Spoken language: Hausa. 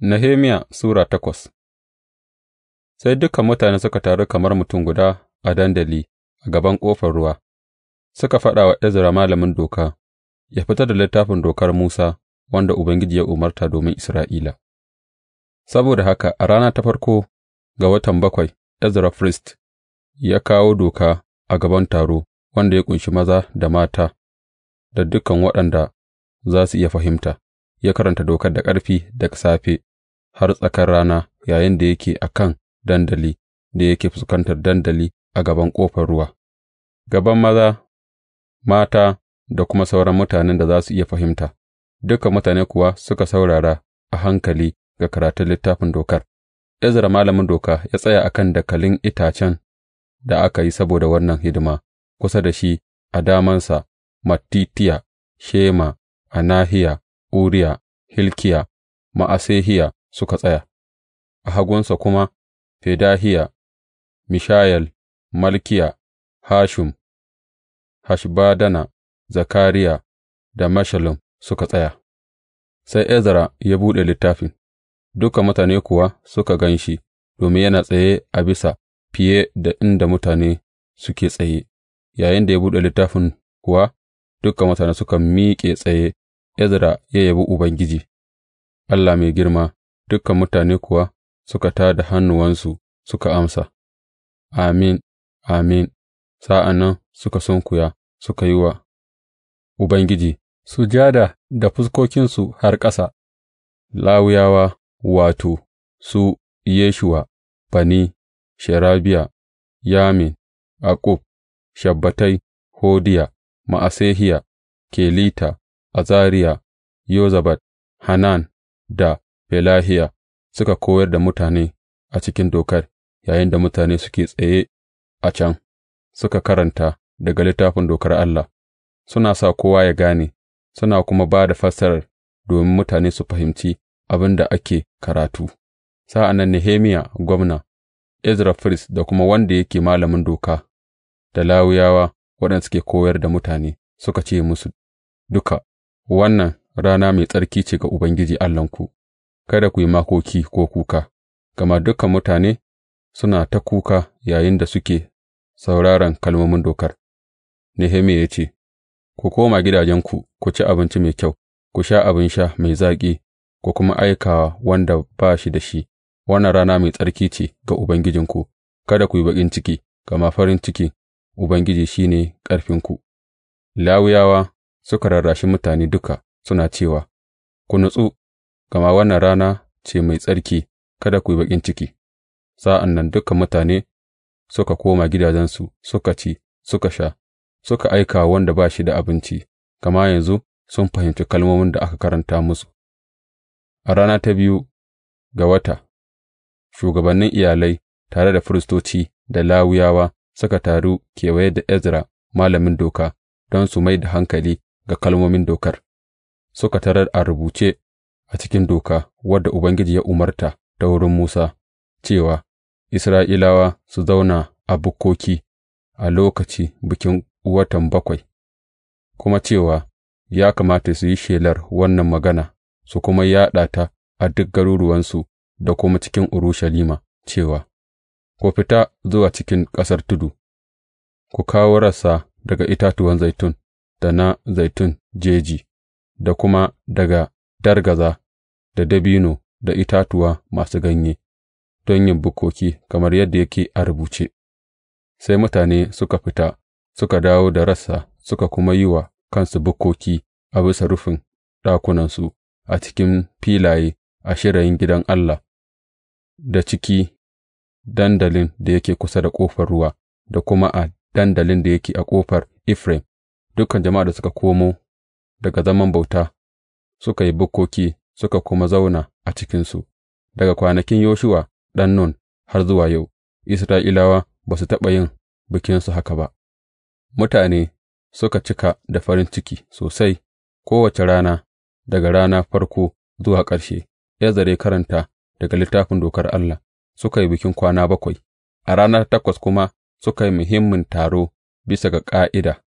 Nehemiya Sura takwas Sai dukan mutane suka taru kamar mutum guda a dandali a gaban ƙofar ruwa, suka faɗa wa Ezra malamin doka, ya fitar da littafin dokar Musa wanda Ubangiji ya umarta domin Isra'ila. Saboda haka a rana ta farko ga watan bakwai, Ezra Frist ya kawo doka a gaban taro wanda ya ƙunshi maza da mata da dukan waɗanda za su iya fahimta, ya karanta dokar da ƙarfi daga safe har tsakar rana yayinda yake a kan dandali da yake fuskantar dandali a gaban ƙofar ruwa, gaban maza, mata da kuma sauran mutanen da za su iya fahimta, dukan mutane kuwa suka saurara a hankali ga karatun littafin dokar. Ezra malamin doka ya tsaya a kan dakalin itacen da aka yi saboda wannan hidima, kusa da shi a damansa Mattitiya, Shema, Anahiya, Uriya, Hilkiya, Ma'asehiya, suka tsaya, a hagunsa kuma Fedahiya, Mishayel, Malkiya, Hashum, hashbadana Zakariya da mashalom suka tsaya, sai Ezra ya buɗe littafin, dukan mutane kuwa suka gan shi, domin yana tsaye a bisa fiye da inda mutane suke tsaye, Yayin da ya buɗe littafin kuwa dukan mutane suka miƙe tsaye, Ezra ya yabi Ubangiji, Allah mai girma. dukan mutane kuwa suka tā da hannuwansu suka amsa, Amin, Amin, sa'an nan suka sunkuya suka yi wa Ubangiji sujada da fuskokinsu har ƙasa, Lawuyawa wato, su Yeshuwa, Bani, Sherabiya, Yamin, Akub, Shabbatai, Hodiya, Ma'asehiya, Kelita, Azariya, Yozabad, Hanan da Felahiya suka koyar da mutane a cikin Dokar, yayin da mutane suke tsaye a can, suka karanta daga Littafin Dokar Allah, suna sa kowa ya gane, suna kuma ba da fassarar domin mutane su fahimci abin da ake karatu. Sa'an nan Nehemiya gwamna, Ezra firist da kuma wanda yake malamin doka, da Lawiyawa waɗanda suke koyar da mutane suka ce musu duka, Wannan rana mai tsarki ce ga Ubangiji Allahnku. kada ku yi makoki ko kuka, gama dukan mutane suna ta kuka yayinda suke sauraron kalmomin dokar. Nehemiya ya ce, Ku koma gidajenku, ku ci abinci mai kyau, ku sha abin sha mai zaƙi, ku kuma aika wanda ba shi da shi, wannan rana mai tsarki ce ga Ubangijinku, kada ku yi baƙin ciki, gama farin ciki Ubangiji shi ne ƙarfinku. Lawiyawa suka rarrashi mutane duka, suna cewa, Ku nutsu, gama wannan rana ce mai tsarki, kada ku yi baƙin ciki. Sa'an nan dukan mutane suka koma gidajensu, suka ci, suka sha, suka aika wanda ba shi da abinci, gama yanzu sun fahimci kalmomin da aka karanta musu. A rana ta biyu ga wata, shugabannin iyalai tare da firistoci da Lawuyawa suka taru kewaye da Ezra malamin doka don su mai da hankali ga kalmomin dokar, suka tarar a rubuce a cikin doka wadda Ubangiji ya umarta ta wurin Musa cewa Isra'ilawa su zauna a bukkoki a lokaci bikin watan bakwai, kuma cewa ya kamata su yi shelar wannan magana su kuma yaɗa ta a duk garuruwansu da kuma cikin Urushalima cewa, Ku fita zuwa cikin ƙasar tudu, ku kawo rasa daga itatuwan zaitun da na zaitun jeji, da kuma daga dargaza da dabino da itatuwa masu ganye don yin bukkoki, kamar yadda yake a rubuce, sai mutane suka fita suka dawo da rassa suka kuma yi wa kansu bukkoki a bisa rufin ɗakunansu, a cikin filaye, a shirayin gidan Allah, da ciki dandalin da yake kusa da ƙofar ruwa, da kuma a dandalin da yake a ƙofar Efraim, dukan jama'a da suka komo daga zaman bauta suka yi bukkoki suka kuma zauna a cikinsu, daga kwanakin Yoshuwa ɗan Nun har zuwa yau, Isra'ilawa ba su taɓa yin bikinsu haka ba, mutane suka cika da farin ciki sosai kowace rana daga rana farko zuwa ƙarshe, ya zare karanta daga littafin dokar Allah, suka yi bikin kwana bakwai, a ranar takwas kuma suka yi muhimmin taro bisa ga ƙa'ida.